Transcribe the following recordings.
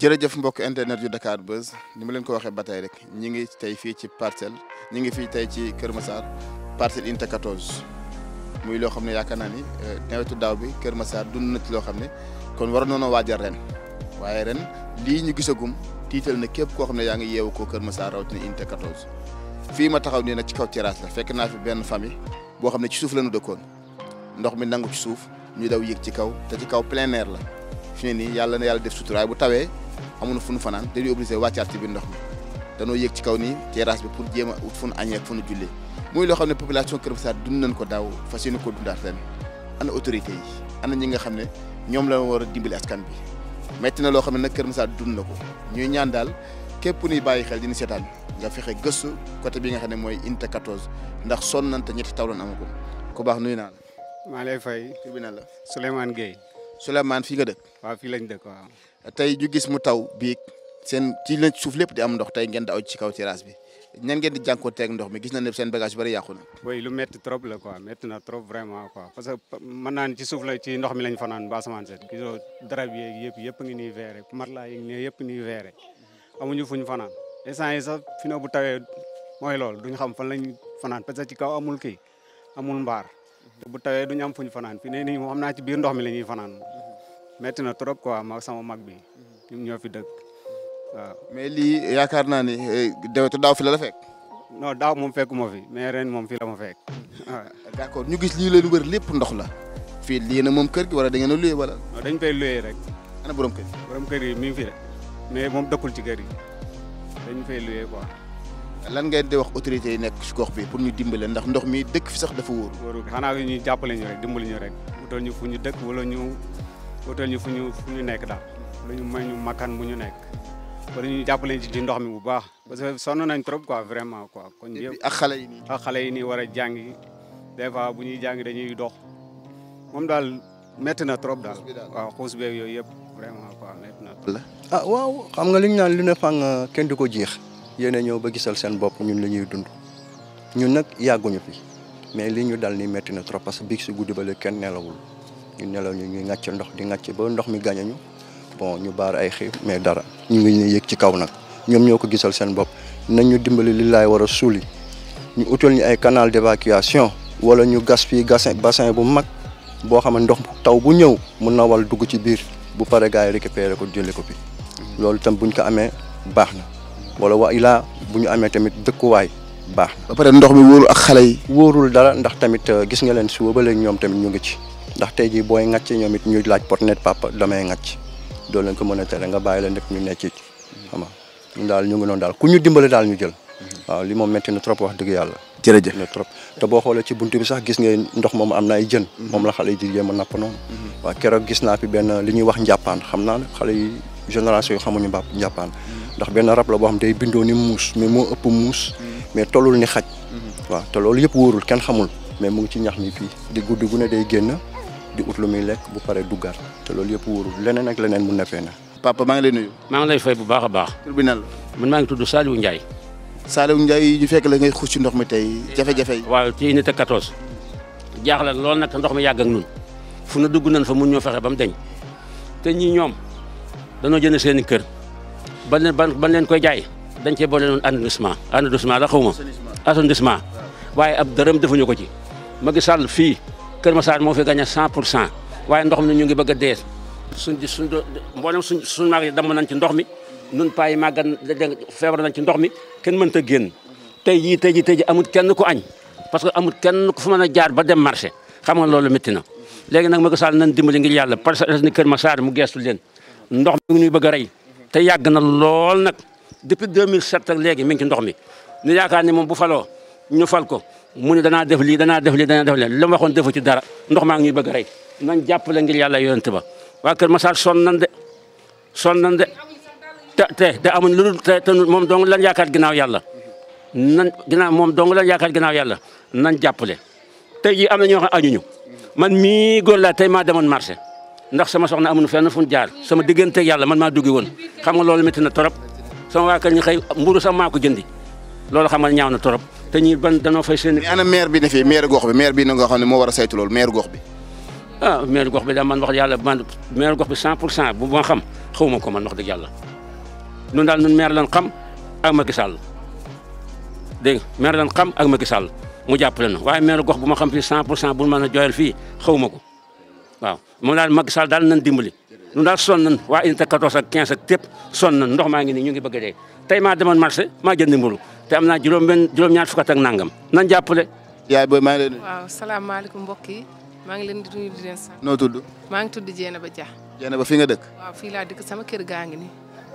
jërëjëf mbokk internet yu Dakar Buzz ni ma leen ko waxee ba tey rek ñi ngi tey fii ci parcelle ñi ngi fii tey ci Kër Massar parcelle unité 14 muy loo xam ne yaakaar naa ni euh, nawetu daaw bi Kër Massar dund na ci loo xam ne kon war noonu waajal ren waaye ren lii ñu gisagum tiital na képp koo xam ne yaa ngi yeewu ko Kër ma Massar rawatina unité 14 fii ma taxaw nii nag ci kaw terrasse la fekk naa fi benn famille boo xam ne ci suuf la ñu dëkkoon ndox mi nangu ci suuf ñu daw yéeg ci kaw te ci kaw plein air la fi ne nii yàlla na yàlla def suturaay bu tawee amuñu fu nu fanaan dañuy obligé wàccaat ci biir ndox mi danoo yéeg ci kaw nii terrasse bi pour jéem a ut fu nu añee loo xam ne population Kër dund nañ ko daaw fas yéene ko dundaat ren autorité yi ana ñi nga xam ne ñoom la war a dimbali askan bi metti na loo xam ne nag Kër Massar dund na ko ñuy ñaan daal képp nuy bàyyi xel dina seetaan nga fexe gëstu côté bi nga xam ne mooy unité 14 ndax sonn nañ te ñetti taw lañ amagum ku baax nuyu naa la. maa lay fay. tribunal la Souleymane Gueye. Souleymane fii nga dëkk. waaw fii lañ dëkk waaw. tey ñu gis mu taw biig seen ci lañ suuf lépp di am ndox tey ngeen di aw ci kaw terrasse bi ñan ngeen di jànkuwanteeg ndox mi gis na ne seen bagage bari yàqu na. oui lu métti trop la na trop vraiment quoi parce que mën naa ne ci ndox mi lañ fanaan ba asamaan set gisoo darab yeeg yëpp yëpp ngi nii veeree matelas yi nii yëpp nii veeree amuñu fuñ fanaan instant yi sax fi na bu tawee mooy loolu duñ xam fan lañ fanaan parce ci kaw amul kii amul mbaar te bu tawee duñ am fuñ fanaan fi ne nii moom xam naa ci biir ndox mi la ñuy fanaan metti na trop quoi ma sama mag bi ñun ñoo fi dëkk waaw. mais lii yaakaar naa ni eh, déwétu daaw fi la la fekk. non daaw moom fekku ma fi mais ren moom fi la fek fekk ñu gis lii leen wër lépp ndox la. fii lii na moom kër gi wala da ngeen a loué wala. non dañ fay loué rek. ana borom kër gi borom kër mi ngi fi de mais moom dëkkul ci kër yi dañ fay loué quoi. lan ngeen di wax autorités yi nekk si gox bi pour ñu dimbale ndax mi dëkk fi sax dafa wóoru wóoru xanaa ñuy jàppale ñu rek dimbali ñu rek wutal ñu fu ñu dëkk wala ñu wutal ñu fu ñu fu ñu nekk daal lu ñu may ñu makkan bu ñu nekk wala ñu jàppale ci ndox mi bu baax parce que sonn nañ trop quoi vraiment quoi. kon yëpp ak xale yi xale yi nii war a jàngi des fois bu ñuy jàngi dañuy dox moom daal métti na trop daal. waaw xuus beeg yooyu yëpp vraiment quoi métti na trop. ah waaw xam nga li ñu naan lu ne fang kenn du ko jeex. yéen ñëw ba gisal seen bopp ñun li ñuy dund ñun nag yàgguñu fi mais li ñu dal ni métti na trop parce que biig si guddi ba léegi kenn nelawul. ñu nelaw ñu ñuy ŋàcc ndox di ŋàcc ba ndox mi gàññañu bon ñu baar ay xiif mais dara ñu ngi ñuy yëg ci kaw nag ñoom ñoo ko gisal seen bopp nañ ñu dimbali li laay war a suuli ñu utal ñu ay canal d'évacuation wala ñu gas fii bassin bassin bu mag boo xam ne ndox taw bu ñëw mun na wal dugg ci biir bu pare gars yi récupéré ko jëlee ko fi mm-hmm. loolu itam buñ ko amee baax na wala wa ilaa bu ñu amee tamit dëkkuwaay baax na. ba pare ndox mi wóorul ak xale yi. wóorul dara ndax tamit uh, gis nga leen suba ba léegi ñoom tamit ñu ngi ci ndax tey jii booy ŋàcc ñoom it ñu laaj porte net papa damay ŋàcc doo leen ko mën a tere nga bàyyi leen rek ñu nekk ci xam daal ñu ngi noonu daal ku ñu dimbale daal ñu jël. waaw li moom métti na trop wax dëgg yàlla. jërëjëf na te boo xoolee ci buntu bi sax gis ngeen ndox moom am na ay jën. Mhm. moom la xale yi di jéem a napp noonu. Mhm. waaw keroog gis naa fi benn uh, li ñuy wax njàppaan xam naa xale yi génération yu xamuñu mbàpp njàppaan mhm. ndax benn rab la moo ëpp muus. mais tollul ni xaj. Mhm. waaw te loolu yëpp wóorul kenn xamul mais mu ngi ci ñax mi fii di guddi gu ne day génn di ut lu muy lekk bu paree duggaat te loolu yëpp wóorul leneen ak leneen mun na fee na. papa maa ngi lay nuyu. maa ngi fay bu baax a baax. tur bi nan la. man maa ngi tudd Saliou Ndiaye. Saliou Ndiaye ñu fekk la nga xuus ci ndox mi tey jafe-jafe ti waaw ci unité 14. jaaxle lool nag ndox mi yàgg ak nun fu na dugg nan fa mun ñoo fexe ba mu deñ te ñii ñoom danoo jënd seen i kër ban leen leen koy jaay dañ cee boole noonu arrondissement arrondissement waaye ab dërëm defuñu ko ci Macky Sall fii Kër Massar moo fi gagné cent pour cent waaye ndox mi ne ñu ngi bëgg a dee suñ di suñ mboolem suñ suñ maag yi damm nañ ci ndox mi nun paa yi màggat feebar nañ ci ndox mi kenn mën a génn tey jii tey jii tey jii amul kenn ku añ parce que amul kenn ku fu mën a jaar ba dem marché xam nga loolu métti na léegi nag Macky Sall nañ dimbali ngir yàlla parce que ni Kër Massar mu geestu leen ndox mi ngi ñuy bëgg a rey te yàgg na lool nag depuis 2007 ak léegi mi ngi ci ndox mi ñu yaakaar ne moom bu faloo ñu fal ko mu ne danaa def lii danaa def lii dana def leen li ma waxoon defu ci dara ndox maa ngi ñuy bëgg a rey nañ jàppale ngir yàlla yonent ba waa Kër Massar sonn nan de sonn nan de te te te amuñ lu dul te moom dong lan yaakaar ginnaaw yàlla nan ginnaaw moom dong lan yaakaar ginnaaw yàlla nañ jàppale tey jii am na ñoo xam añuñu man mii góor laa tey maa demoon marché ndax sama soxna amuñu fenn fu ñu jaar sama diggante yàlla man maa dugg woon xam nga loolu métti na torop sama waa kër ñu xëy mburu sax maa ko jëndi loolu xamal ñaaw na torop te ñi ban danoo fay seen. mais ana bi ne fii maire bi maire bi na nga xam ne moo war a saytu gox bi. ah maire gox bi daal man wax yàlla man maire gox bi 100 pour cent bu ma xam ma ko man wax dëgg yàlla ñun daal ñun maire lan xam ak Macky Sall dégg nga lan xam ak Macky Sall mu jàppale na waaye maire gox bu ma xam fii 100 pour cent bu mën a jooyal fii ma ko waaw moom daal Macky sal daal nañ dimbali. ñun son sonn waa unité 14 ak 15 ak tépp ndox maa ngi nii ñu ngi bëgg a dee tey maa demoon marché maa jënd mburu te am naa juróom benn juróom-ñaar fukk ak nangam nan jàppale. yaay booy maa ngi leen waaw salaamaaleykum mbokk yi maa ngi leen di nuyu di noo tudd. maa ngi ba Dieynaba Dia. ba fii nga dëkk. waaw fii laa dëkk sama kër gaa ngi ni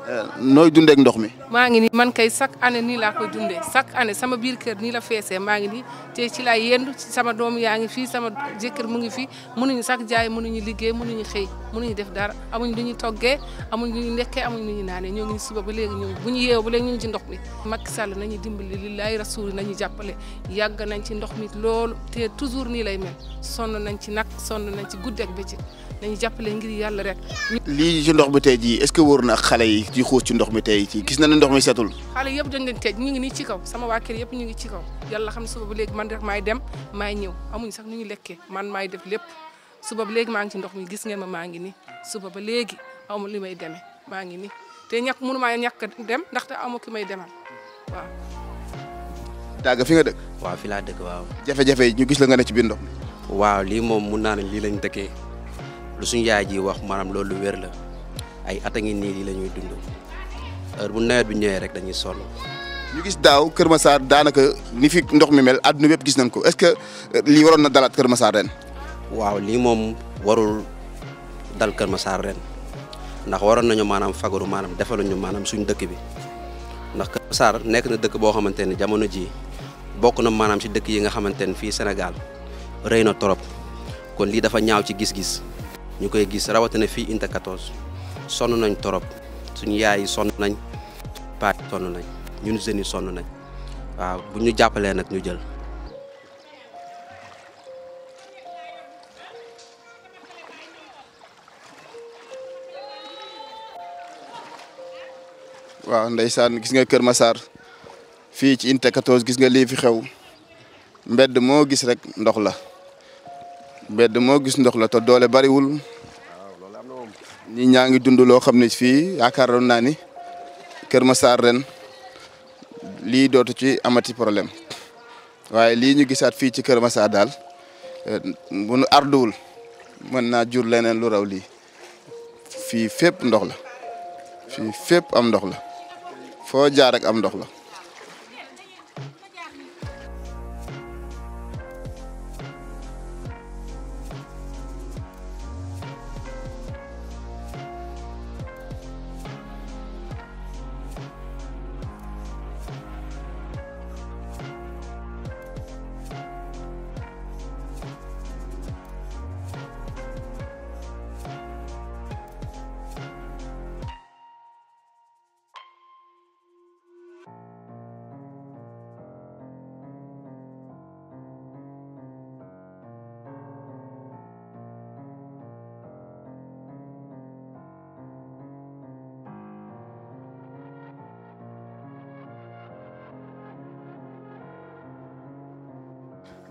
Euh, nooy dundeek ndox mi. maa ngi nii man kay chaque année nii laa koy dundee chaque année sama biir kër nii la feesee maa ngi nii te ci laa yendu sama doom yaa ngi fii sama jëkkër mu ngi fii mënuñu sax jaay mënuñu liggéey mënuñu xëy mënuñu def dara amuñ lu ñuy toggee amuñ lu ñuy nekkee amuñ lu ñuy naanee ñoo ngi suba ba léegi ñoo bu ñu yeewoo ba léegi ñu ngi ci ndox mi. Macky Sall nañu dimbali lillaay rasuul nañu jàppale yàgg nañ ci ndox mi loolu te toujours nii lay mel sonn nañ ci nag sonn nañ ci guddeeg bëccëg nañu jàppale ngir yàlla rek. lii ci ndox mi tey jii est-ce que wóor na xale yi ci ci ndox mi tey ci gis na ne ndox mi setul xale yëpp dañ leen tëj ñu ngi nii ci kaw sama waa kër yëpp ñu ngi ci kaw yàlla xam suba ba léegi man rek maay dem maay ñëw amuñu sax nu ñu lekkee man maay def lépp suba ba maa ngi ci ndox mi gis ngeen ma maa ngi ni suba ba léegi awma li may demee maa ngi ni te ñàkk mënu maa ñàkk dem ndaxte awma ki may demal waaw daaga fi nga dëkk waaw fi laa dëkk waaw jafe-jafe ñu gis la nga ne ci biir ndox mi waaw lii moom mun naa ne lii lañ dëkkee lu suñu yaay ji wax maanaam loolu lu wér la ay at a ngi nii lii la dund heure bu nawet bi ñëwee rek dañuy solo ñu gis daaw Kër Massar daanaka ni fi ndox mi mel àdduna bépp gis nañ ko est-ce que euh, lii waroon na dalaat Kër Massar ren. waaw lii moom warul dal Kër Massar ren ndax waroon nañu maanaam fagaru maanaam defaluñu maanaam suñu dëkk bi ndax Kër nekk na dëkk boo xamante ne jamono ji bokk na maanaam ci dëkk yi nga xamante ne fii Sénégal rëy na trop kon lii dafa ñaaw ci gis-gis. ñu koy gis rawatina fii Unité 14 sonn nañ torop suñu yaay yi sonn nañ paa yi nañ ñun jeunes yi sonn nañ waaw bu ñu jàppalee nag ñu jël. waaw ndeysaan gis nga Kër Massar fii ci Unité 14 gis nga lii fi xew mbedd moo gis rek ndox la. mbedd moo gis ndox la te doole bariwul ñi ñaa ngi dund loo xam ne fii yaakaaroon naa ni Kër Massar ren lii dootu ci amati problème waaye lii ñu gisaat fii ci Kër Massar daal eh, bu arduwul mën naa jur leneen lu raw lii fii fépp ndox la fii fépp am ndox la foo jaar am ndox la.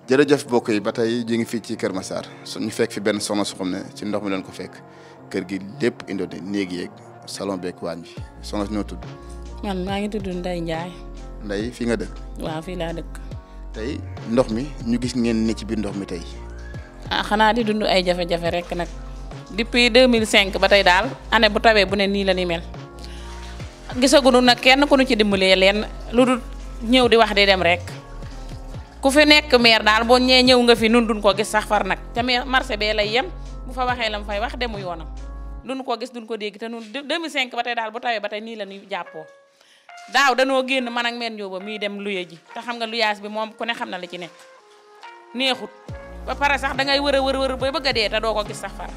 jërëjëf mbokk yi ba tey ñu ngi fii ci Kër Massar ñu fekk fi benn soxna su xam ne ci ndox mi leen ko fekk kër gi lépp indoo ne néeg yeeg salon beeg waañ bi tudd. maa ngi tudd Ndeye Ndiaye. Ndeye fii nga dëkk. waaw fii laa dëkk. ndox mi ñu gis ngeen ne ci biir ndox mi tey. ah xanaa di dund ay jafe-jafe rek nag depuis 2005 ba tey daal année bu tawee bu ne nii la ni mel gisaguñu nag kenn ku ñu ci dimbalee leen lu dul ñëw di wax di dem rek. ku fi nekk maire daal boo ñee ñëw nga fi nun duñ ko gis sax far nag te maire marché bee lay yem bu fa waxee la mu fay wax demu yoonam duñ ko gis duñ ko dégg te nun 2005 cinq tey daal bu tawee ba tey nii la ñuy jàppoo daaw danoo génn man ak meen ba muy dem luye ji te xam nga luyaas bi moom ku xam na la ci nekk neexut ba pare sax da ngay wër a wër wër ba bëgg a dee te ko gis sax far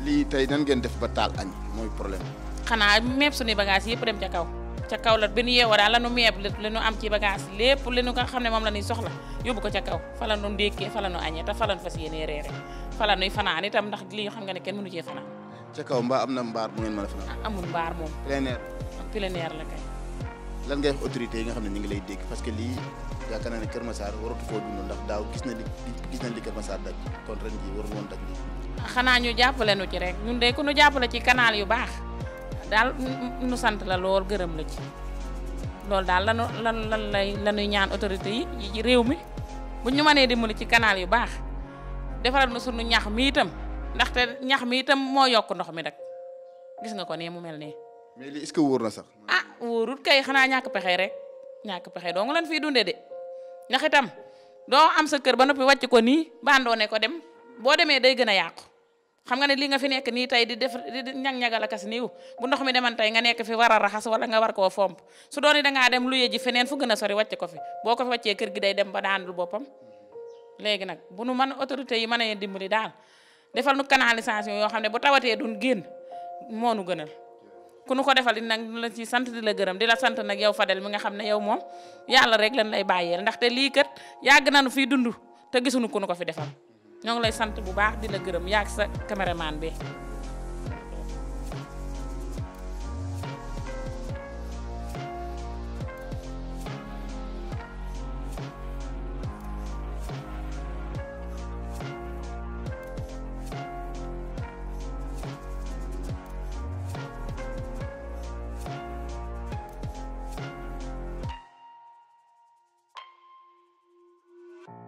lii tey nan ngeen def ba taal añ mooy problème xanaa mépp suñu bagage yëpp dem ca kaw ca kaw la bi nu daal la meeb la am ci bagage lépp li nu nga xam ne moom la ñuy soxla yóbbu ko ca kaw fa nu ndékkee fa nu añee te ndax lii xam nga ne kenn mënu cee fanaan. ca kaw mbaa am na mbaar a fanaan. Ah, moom. plein ah, la kay. lan ngay autorité yi nga xam ne ñu ngi lay dégg parce que lii yaakaar naa ne Kër Massar waratu koo dund ndax daaw gis na li Kër Massar daj kon jii waru woon ah, xanaa ñu jàppale nu ci rek ñun de ku jàppale ci canal yu baax daal nu sant la lool gërëm la ci loolu daal lanu lan lan lay lanuy ñaan autorité yi yi ci réew mi bu ñu mënee dimbali ci canal yu baax defaral na sunu ñax mi itam ndaxte ñax mi itam moo yokk ndox mi rek gis nga ko ne mu mel ne. mais lii ah wóorut kay xanaa ñàkk pexe rek ñàkk pexe doo nga leen fiy dundee de ndax itam doo am sa kër ba noppi wàcc ko nii bandoo ne ko dem boo demee day gën a yàqu. xam nga ne lii nga fi nekk nii tey di def di ñag-ñagal akas niiw bu ndox mi deman tey nga nekk fi war a raxas wala nga war koo fomp su doon dangaa dem luye ji feneen fu gën a sori wàcc ko fi boo ko fi wàccee kër gi day dem ba daanul boppam léegi nag bu nu mën autorité yi mën a dimbali daal defal nu canalisation yoo xam ne bu tawatee dun génn moo nu gënal ku nu ko defal di nag la ci sant di la gërëm di la sant nag yow Fadel mi nga xam ne yow moom yàlla rek lan lay bàyyeel ndaxte lii kat yàgg nu fii dund te gisuñu ku nu ko fi defal ñoo lay sant bu baax di la gërëm yaag sa caméraman bi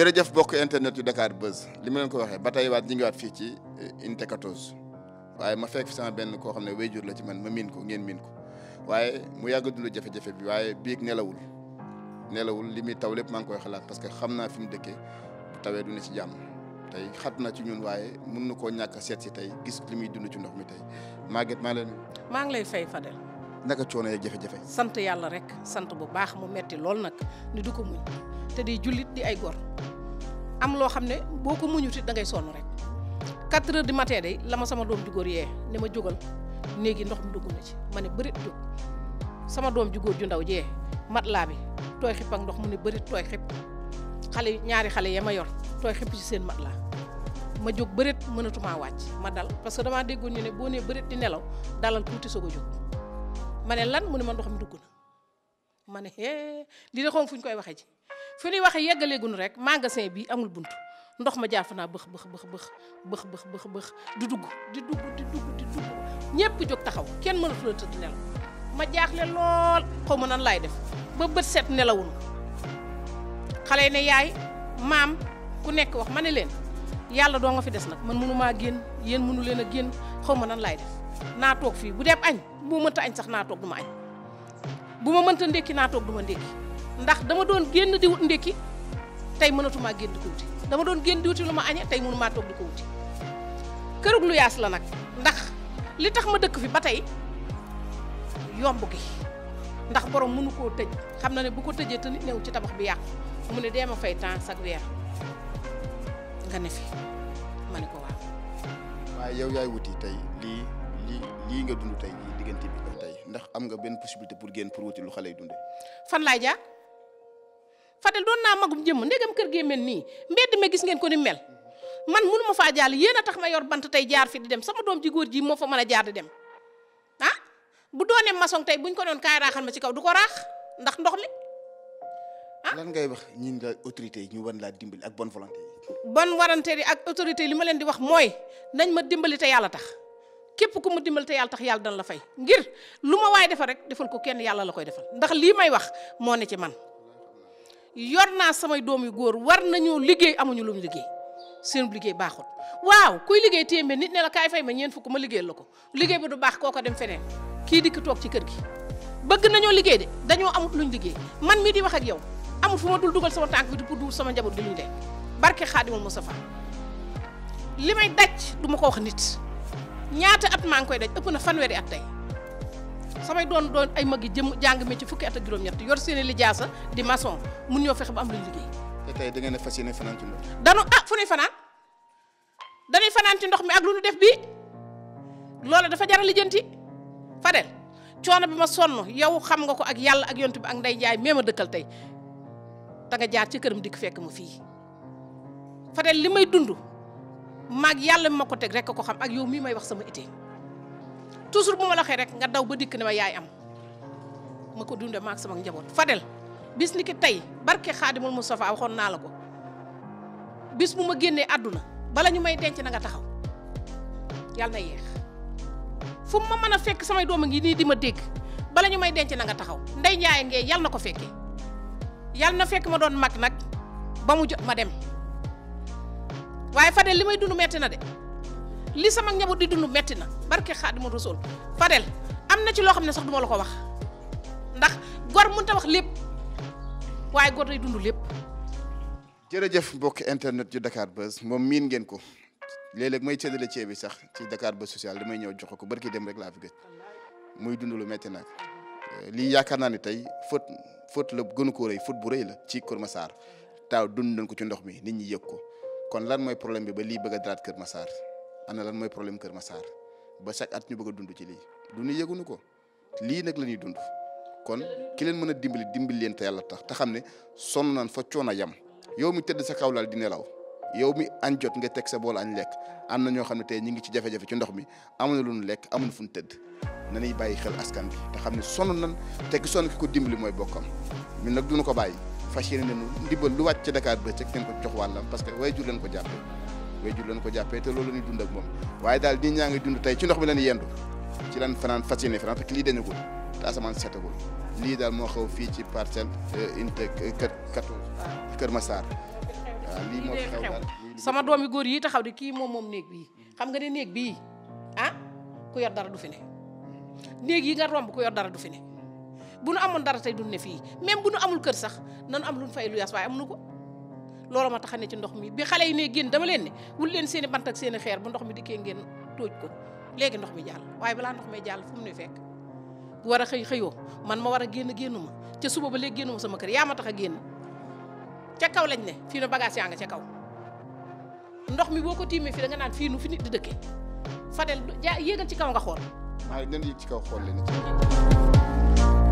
jërëjëf bokk internet yu Dakar Buzz li ma leen ko waxee ba tey waat ñu ngi fii ci eh, unité waaye ma fekk fi sama benn koo xam ne wéyjur la ci man ma miin ko ngeen miin ko waaye mu yàgg dund jafe-jafe bi waaye biig nelawul nelawul li muy taw lépp maa ngi koy xalaat parce que xam naa fi mu dëkkee bu tawee du ne ci jàmm tey xat na ci ñun waaye mun na koo ñàkk seet si tey gis li muy dund ci ndox mi tey Maguette maa leen. maa ngi lay fay Fadel. naka coono yeeg jafe-jafe. sant yàlla rek sant bu baax mu metti lool nag ni du ko muñ te di jullit di ay gor am loo xam ne boo ko muñut it da ngay rek 4 heures du day la ma sama doom ju góor yee ne ma jógal néegi ndox mi dugg na ci ma ne bërit jóg sama doom ju góor ju ndaw jee mat laa bi tooy xip ak ndox mu ne bërit tooy xip xale ñaari xale yee ma yor tooy xip ci seen mat laa ma jóg bërit mënatumaa wàcc ma dal parce que damaa déggoon ñu ne boo nee di nelaw dalal tuuti ma ne lan mu ne ma ndox mi dugg na ma ne hee lii de xoom fu ñu koy waxee ji fu ñuy waxee yeggaleeguñu rek magasin bii amul bunt ndox ma jaaf naa bëx bëx bëx bëx bëx di dugg di jóg taxaw kenn mënatu la tëdd nelaw ma jaaxle lool xaw ma nan laay def ba bët set nelawul xale yi ne yaay maam ku nekk wax ma ne leen yàlla doo nga fi des nag man mënumaa génn yéen mënu leen a génn xaw ma nan laay def naa toog fii bu dem añ bu ma mënta añ sax naa toog du ma añ bu ma mënta ndékki naa toog du ma ndékki ndax dama doon génn di wut ndékki tey mënatumaa génn di ko wuti dama doon génn lu ma añee tey mënumaa toog di kërug lu yaas la nag ndax li tax ma dëkk fi ba tey yomb gi ndax boroom mënu koo tëj xam na ne bu ko tëjee te nit ñëw ci tabax bi yàqu mu ne dee ma fay temps sax weer nga ne fi ma ne ko waaw. waaye yow yaay wuti tey lii lii nga dund tey jii diggante bi ak tey ndax am nga benn possibilité pour génn pour wuti lu xale yi dundee. fan laay jaar Fadel doon naa magum jëmm ndegam kër gee mel nii mbedd ma gis ngeen ko ni mel man mënu ma faa jàll yéen a tax ma yor bant tey jaar fi di dem sama doom ji góor ji moo fa mën a jaar di dem ah bu doonee maçon tey buñ ko doon kaay raaxal ma ci kaw du ko raax ndax ndox li ah lan ngay wax ñun la autorité yi ñu war laa dimbali ak bonne volonté yi. yi ak autorité yi ma leen di wax mooy nañ ma dimbali te yàlla tax. képp ku ma dimbal te yàlla tax yàlla dan la fay ngir lu ma waay defal rek defal ko kenn yàlla la koy defal ndax lii may wax moo ne ci man yor naa samay doom yu góor war nañoo liggéey amuñu lum liggéey seen liggéey baaxut waaw kuy liggéey téeméer nit ne la kaay fay ma ñeent fukk ma liggéeyal la ko liggéey bi du baax kooko dem feneen kii dikk toog ci kër gi bëgg nañoo liggéey de dañoo amut luñ liggéey man mii di wax ak yow amul fu ma dul dugal sama tànk bi di pour duur sama njaboot gi luñ de barke xaadimul Mustafa li may daj du ma ko wax nit ñaata at maa koy daj ëpp na fanweeri at tey samay doon doon ay mag yi jëm jàng mi ci fukki at ak juróom-ñett yor seeni lijaasa di maçon mun ñoo fexe ba am luñ liggéey. te tey fas yéene fanaan ci ndox. danu ah ci ndox mi ak def bii dafa jar a lijjanti Fadel coono bi yow xam nga ko ak yàlla ak yontu bi ak nday jaay mee ma dëkkal tey da nga jaar ci këram dikk fekk ma fii Fadel li may dund. maag yàlla ma ko teg rek ko xam ak yow mii may wax sama ité toujours bu ma la waxee rek nga daw ba dikk ne ma yaay am ma ko dundee maag sama njaboot Fadel bis ni ki tey barke Xaadimul Mustafa waxoon naa la ko bis bu ma génnee àdduna bala ñu may denc na nga taxaw yàlla na yeex fu ma mën a fekk samay doom a ngi nii di ma dégg bala ñu may denc na nga taxaw ndey njaay ngee yàlla na ko fekkee yàlla na fekk ma doon mag nag ba mu jot ma dem. waaye Fadel li may dund metti na de li sama njaboot di am na ci loo xam ne sax duma la wax ndax gor mënta wax lépp waaye gor day dund lépp. jërëjëf mbokki internet yu Dakar Buzz moom miin ngeen ko léeg-léeg may séddale ceeb bi sax ci Dakar Buzz social damay ñëw joxo ko barki dem rek laa fi gëj muy dund lu metti nag eh, lii yaakaar naa ne tey faute faute la gënu ko rëy faute bu rëy la ci Kër Massar dund nañ ko ci ndox mi nit ñi yëg ko. kon lan mooy problème bi ba lii bëgg a dalaat Kër Massar ana lan mooy problème Kër Massar ba chaque at ñu bëgg a dund ci lii dunu yëgunu ko lii nag la ñuy dund kon ki leen mën a dimbali dimbali leen te yàlla tax te xam ne sonn nan fa a yem yow mi tëdd sa kawlaal di nelaw yow mi añ jot nga teg sa bool añ lekk am na ñoo xam ne te ñu ngi ci jafe-jafe ci ndox mi amuñu lu ñu lekk amuñu fu ñu tëdd nañuy bàyyi xel askan bi te xam ne sonn nan teg ki ko dimbali mooy bokkam ñun nag duñu ko bàyyi fas yéene nañu ndimbal lu wàcc Dakar bëccëg ngeen ko jox wàllam parce que way jur leen ko jàppee way jur leen ko jàppee te loolu la ñuy moom waaye daal nii ñaa ngi dund tey ci ndox mi lañu yendu ci lan fanaan fas fanaan fekk lii dañagul te asamaan lii moo xew fii ci parcelle euh, euh, Kër Massar waaw sama doom yu góor yi taxaw di kii moom moom néeg bii xam nga ne néeg bii ah ku yor dara du ne néeg yi nga romb ku yor dara du bu nu amoon dara ne fii même bu nu amul kër sax nanu am lu nu fay lu yaas waaye amuñu ko loolu ma tax a ne ci ndox mi bi xale yi ne génn dama leen ne wul leen seen i bant ak seen i xeer bu ndox mi dikkee ngeen tooj ko léegi ndox mi jàll waaye balaa ndox may jàll fu mu ne fekk war a xëy xëyoo man ma war a génn génnu ma ca suba ba léegi génnu ma sama kër yaa ma tax a génn ca kaw lañ ne fii na bagage yaa nga ca kaw ndox mi boo ko tiimee fii da naan fii nu fi nit di dëkkee Fadel yéegal ci kaw nga xool. ci kaw xool leen